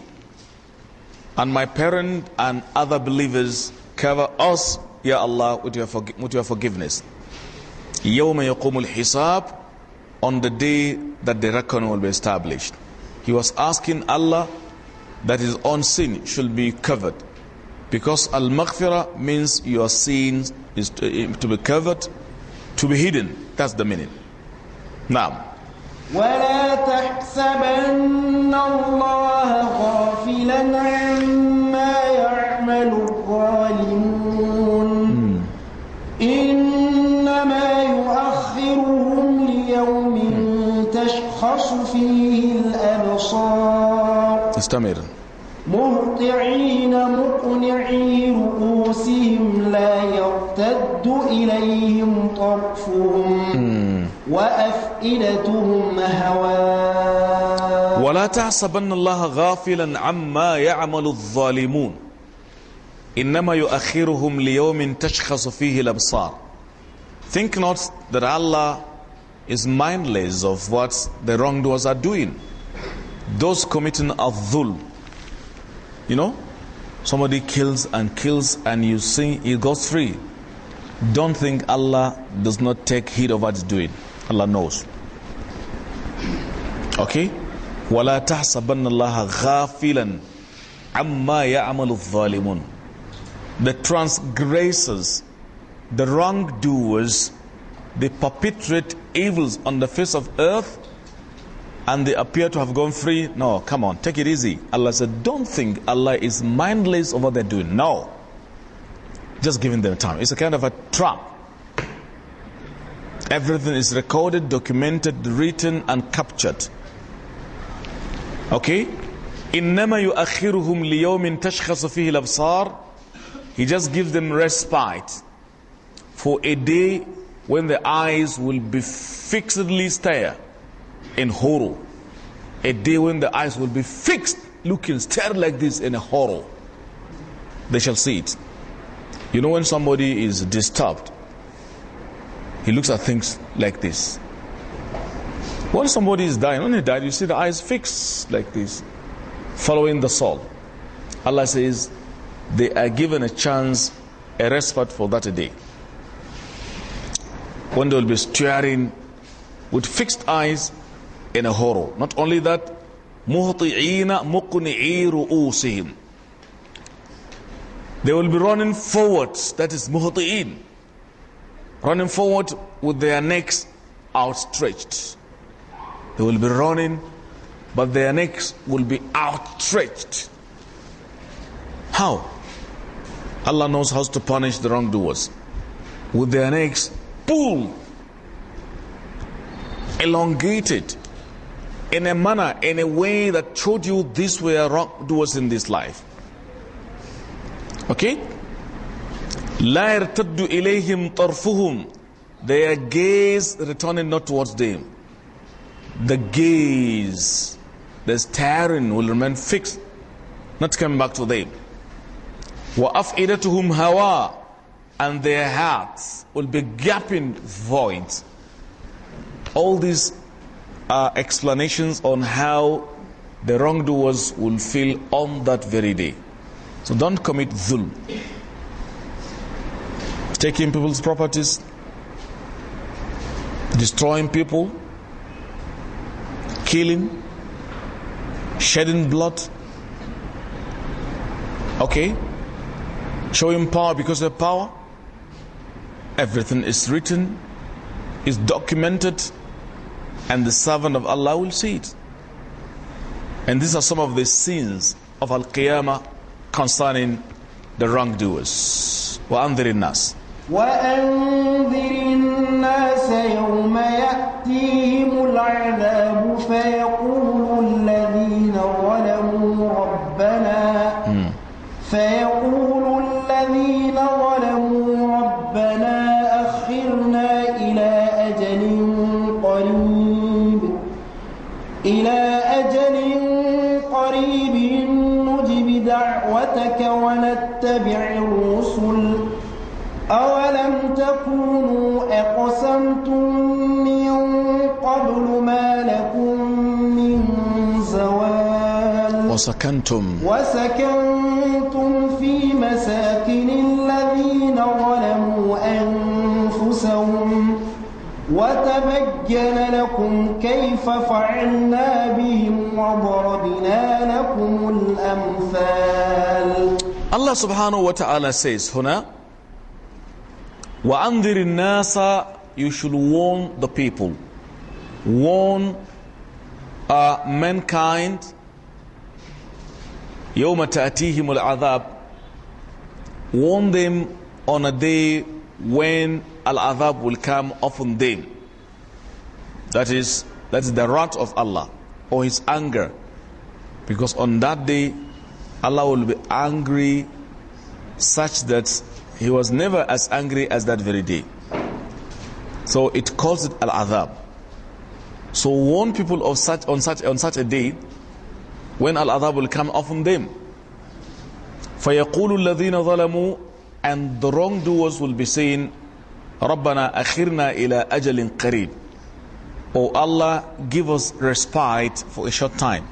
A: and my parent and other believers, cover us, Ya Allah, with your, forg with your forgiveness. يوم يقوم الحساب on the day that the reckoning will be established. He was asking Allah that his own sin should be covered because al maghfirah means your sins is to, eh, to, be covered, to be hidden. That's the meaning. Now.
B: ولا تحسبن الله غافلا عما يعمل الظالمون إنما يؤخرهم ليوم تشخص فيه الأبصار استمر مهطعين مقنعي رؤوسهم لا يرتد إليهم طرفهم وأفئدتهم هواء
A: ولا تحسبن الله غافلا عما يعمل الظالمون إنما يؤخرهم ليوم تشخص فيه الأبصار Think not that Allah is mindless of what the wrongdoers are doing. Those committing a dhulm, You know, somebody kills and kills and you see he goes free. Don't think Allah does not take heed of what he's doing. Allah knows. Okay? وَلَا تَحْسَبَنَّ اللَّهَ غَافِلًا عَمَّا يَعْمَلُ الظَّالِمُونَ The transgressors, the wrongdoers, they perpetrate evils on the face of earth and they appear to have gone free. No, come on, take it easy. Allah said, Don't think Allah is mindless of what they're doing. No. Just giving them time. It's a kind of a trap. Everything is recorded, documented, written, and captured. Okay? إنما يؤخرهم ليوم تشخص فيه الأبصار He just gives them respite for a day when the eyes will be fixedly stare in horror. A day when the eyes will be fixed, looking, stare like this in a horror. They shall see it. You know, when somebody is disturbed, he looks at things like this. When somebody is dying, when he died, you see the eyes fixed like this, following the soul. Allah says, they are given a chance, a respite for that day. When they will be staring with fixed eyes in a horror. Not only that, muhti'ina muqni'i ru'usihim. They will be running forward, that is muhti'in. Running forward with their necks outstretched. They will be running, but their necks will be outstretched. How? Allah knows how to punish the wrongdoers. With their necks pulled, elongated, in a manner, in a way that showed you this were wrongdoers in this life. Okay? لا يرتد ilayhim tarfuhum, Their gaze returning not towards them. The gaze, the staring will remain fixed, not coming back to them. وَأَفْئِدَتُهُمْ هَوَى And their hearts will be gaping void. All these are explanations on how the wrongdoers will feel on that very day. So don't commit zulm. Taking people's properties, destroying people, killing, shedding blood, okay, showing power because of power. Everything is written, is documented and the servant of Allah will see it. And these are some of the sins of Al Qiyamah concerning the wrongdoers. وأنذر الناس
B: وأنذر الناس يوم يأتيهم العذاب فيقول شهوتك ونتبع الرسل أولم تكونوا أقسمتم من قبل ما لكم من زوال
A: وسكنتم
B: وسكنتم وتبين لكم كيف فعلنا بهم وضربنا لكم الأمثال
A: الله سبحانه وتعالى says هنا وأنذر الناس you should warn the people warn uh, mankind يوم تأتيهم العذاب warn them on a day when al-adhab will come upon them. That is, that is the wrath of Allah or his anger. Because on that day, Allah will be angry such that he was never as angry as that very day. So it calls it al-adhab. So warn people of such on such on such a day when al-adhab will come upon them. فَيَقُولُ الَّذِينَ ظَلَمُوا And the wrongdoers will be saying, ربنا akhirna إلى أجل qareeb. O Allah, give us respite for a short time.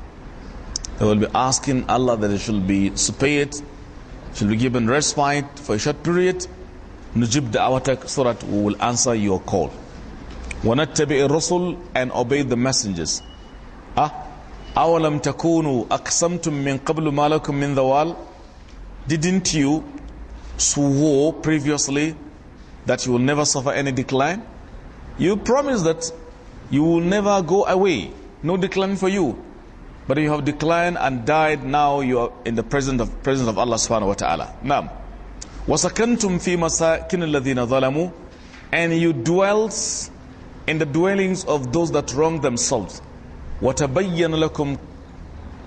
A: They will be asking Allah that it should be spared should be given respite for a short period. نجيب دعوتك so that we will answer your call. ونتبع الرسل and obey the messengers. Ah, أولم تكونوا أقسمتم من قبل ما لكم من ذوال Didn't you swore previously that you will never suffer any decline. You promise that you will never go away, no decline for you. But you have declined and died, now you are in the presence of, presence of Allah subhanahu wa ta'ala. Now, وَسَكَنْتُمْ فِي مَسَاكِنِ الَّذِينَ ظَلَمُوا And you dwelt in the dwellings of those that wrong themselves. وَتَبَيَّنَ لَكُمْ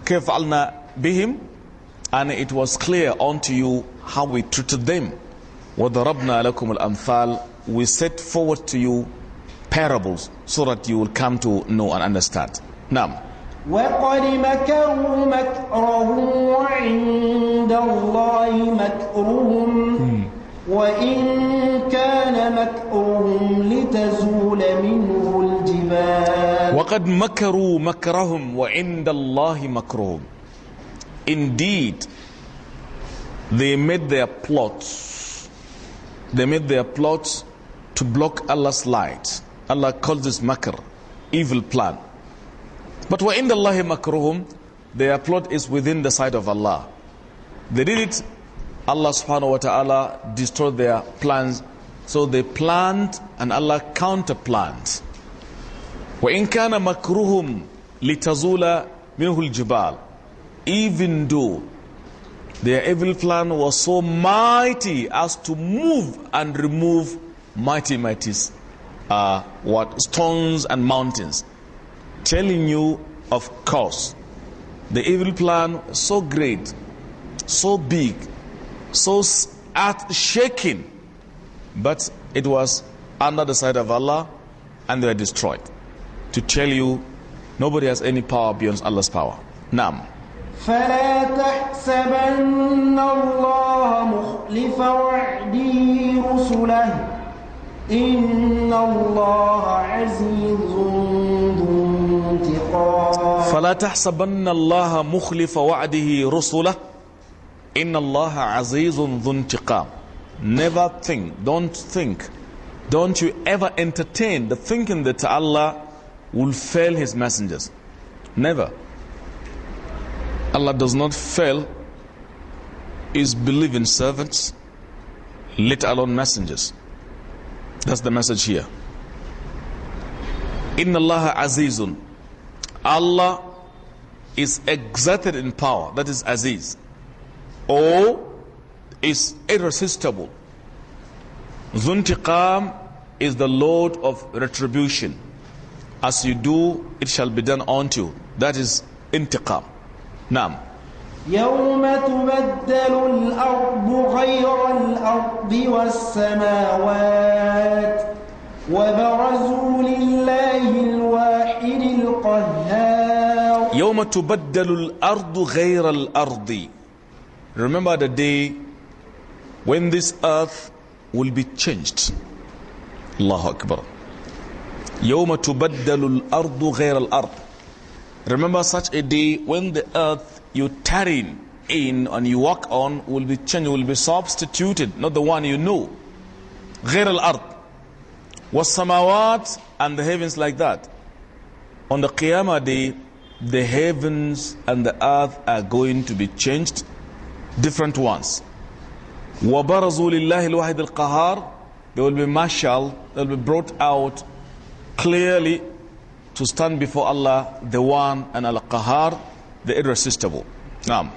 A: كَيْفَ عَلْنَا بِهِمْ And it was clear unto you how we treated them. وَضَرَبْنَا لَكُمُ الْأَمْثَالِ We set forward to you parables so that you will come to know and understand. Now.
B: وقد مكروا مكرهم وعند الله مكرهم وإن كان مكرهم لتزول منه الجبال
A: وقد مكروا مكرهم وعند الله مكرهم Indeed, they made their plots they made their plot to block Allah's light. Allah calls this makr, evil plan. But wa the lahi makruhum, their plot is within the sight of Allah. They did it, Allah subhanahu wa ta'ala destroyed their plans. So they planned and Allah counterplanned. in kana makruhum litazula minhul jibal, Even though their evil plan was so mighty as to move and remove mighty, mighty uh, what, stones and mountains. Telling you, of course, the evil plan so great, so big, so earth shaking, but it was under the side of Allah and they were destroyed. To tell you, nobody has any power beyond Allah's power. Nam.
B: فلا تحسبن الله مخلف وعده رسله إن الله عزيز ذو انتقام
A: فلا تحسبن الله مخلف وعده رسله إن الله عزيز ذو انتقام Never think, don't think, don't you ever entertain the thinking that Allah will fail his messengers. Never. Allah does not fail his believing servants, let alone messengers. That's the message here. Inna Allah Azizun. Allah is exerted in power. That is Aziz. Or is irresistible. Zuntiqam is the Lord of retribution. As you do, it shall be done unto you. That is intiqam. نعم
B: يوم تبدل الأرض غير الأرض والسماوات وبرزوا لله الواحد القهار
A: يوم تبدل الأرض غير الأرض Remember the day when this earth will be changed. الله أكبر. يوم تبدل الأرض غير الأرض. Remember such a day when the earth you tarry in and you walk on will be changed, will be substituted, not the one you know. غير الأرض والسماوات and the heavens like that. On the Qiyamah day, the heavens and the earth are going to be changed, different ones. وبرزوا لله الواحد القهار They will be marshaled, they will be brought out clearly to stand before Allah, the one and Al-Qahar, the irresistible. Naam.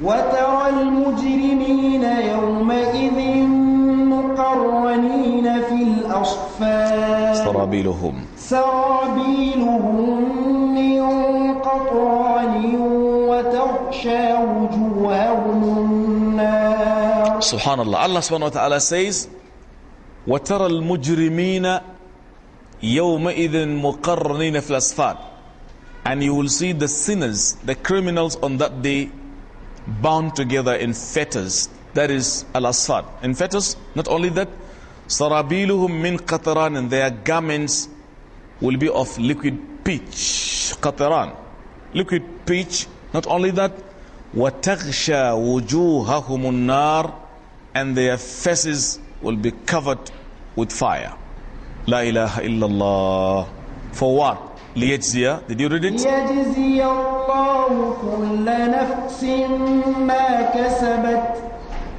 B: وترى المجرمين يومئذ مقرنين في الأصفاد
A: سرابيلهم
B: سرابيلهم من قطران وتغشى وجوههم النار
A: سبحان الله الله سبحانه وتعالى says وترى المجرمين يَوْمَئِذٍ مُقَرَّنِينَ فِي الْأَصْفَادِ And you will see the sinners, the criminals on that day bound together in fetters. That is al-asfad. In fetters, not only that, sarabiluhum min qataran and their garments will be of liquid pitch. Qataran. Liquid pitch. Not only that, وَتَغْشَى وُجُوهَهُمُ nar, And their faces will be covered with fire. La ilaha illallah. For what? ليجزي did you read it
B: ليجزي الله كل نفس ما كسبت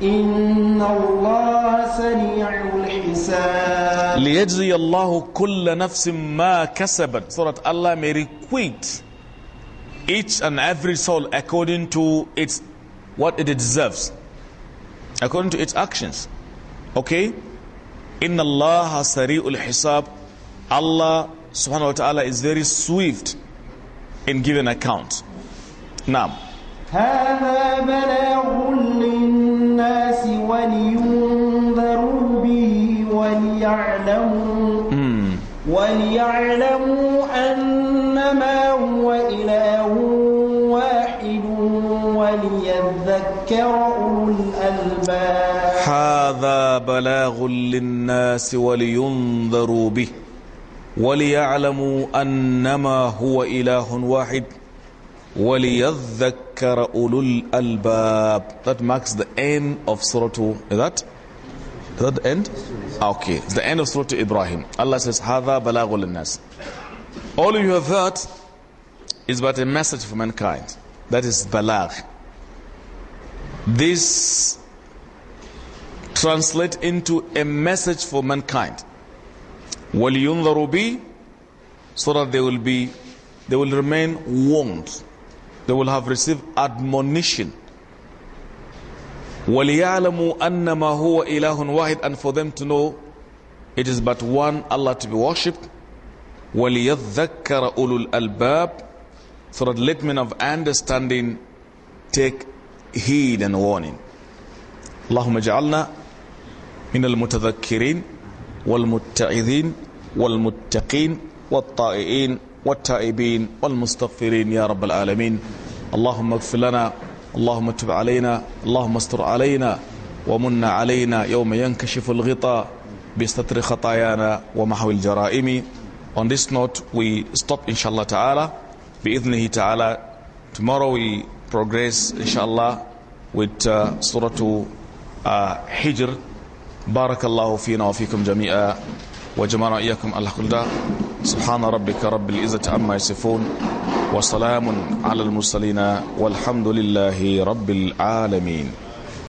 B: إن الله سريع الحساب
A: ليجزي الله كل نفس ما كسبت so that Allah may requite each and every soul according to its what it deserves according to its actions okay Inna Allah ul hisab. Allah subhanahu wa ta'ala is very swift in giving account. Naam. هذا
B: بلاغ للناس ولينذروا به وليعلموا وليعلموا أنما هو إله واحد وليذكر أولو الألباب
A: هذا بلاغ للناس ولينذروا به وليعلموا أنما هو إله واحد وليذكر أولو الألباب That marks the end of Surah 2. Is that? Is that the end? Okay. It's the end of Surah Ibrahim. Allah says, هذا بلاغ للناس. All you have heard is but a message for mankind. That is بلاغ This translate into a message for mankind. وَلْيُنْظَرُوا بِي So that they will be, they will remain warned. They will have received admonition. وَلِيَعْلَمُوا أَنَّمَا هُوَ إِلَهٌ وَاحِدٌ And for them to know, it is but one Allah to be worshipped. وَلِيَذَّكَّرَ أُولُو الْأَلْبَابِ So that let men of understanding take heed and warning. اللهم اجعلنا من المتذكرين والمتعذين والمتقين والطائعين والتائبين والمستغفرين يا رب العالمين اللهم اغفر لنا اللهم تب علينا اللهم استر علينا ومن علينا يوم ينكشف الغطاء بستر خطايانا ومحو الجرائم On this note, we stop inshallah ta'ala. Bi'idhnihi ta'ala. Tomorrow we progress inshallah with uh, Surah uh, Hijr. بارك الله فينا وفيكم جميعا وجمعنا إياكم على ده سبحان ربك رب العزة عما يصفون وسلام على المرسلين والحمد لله رب العالمين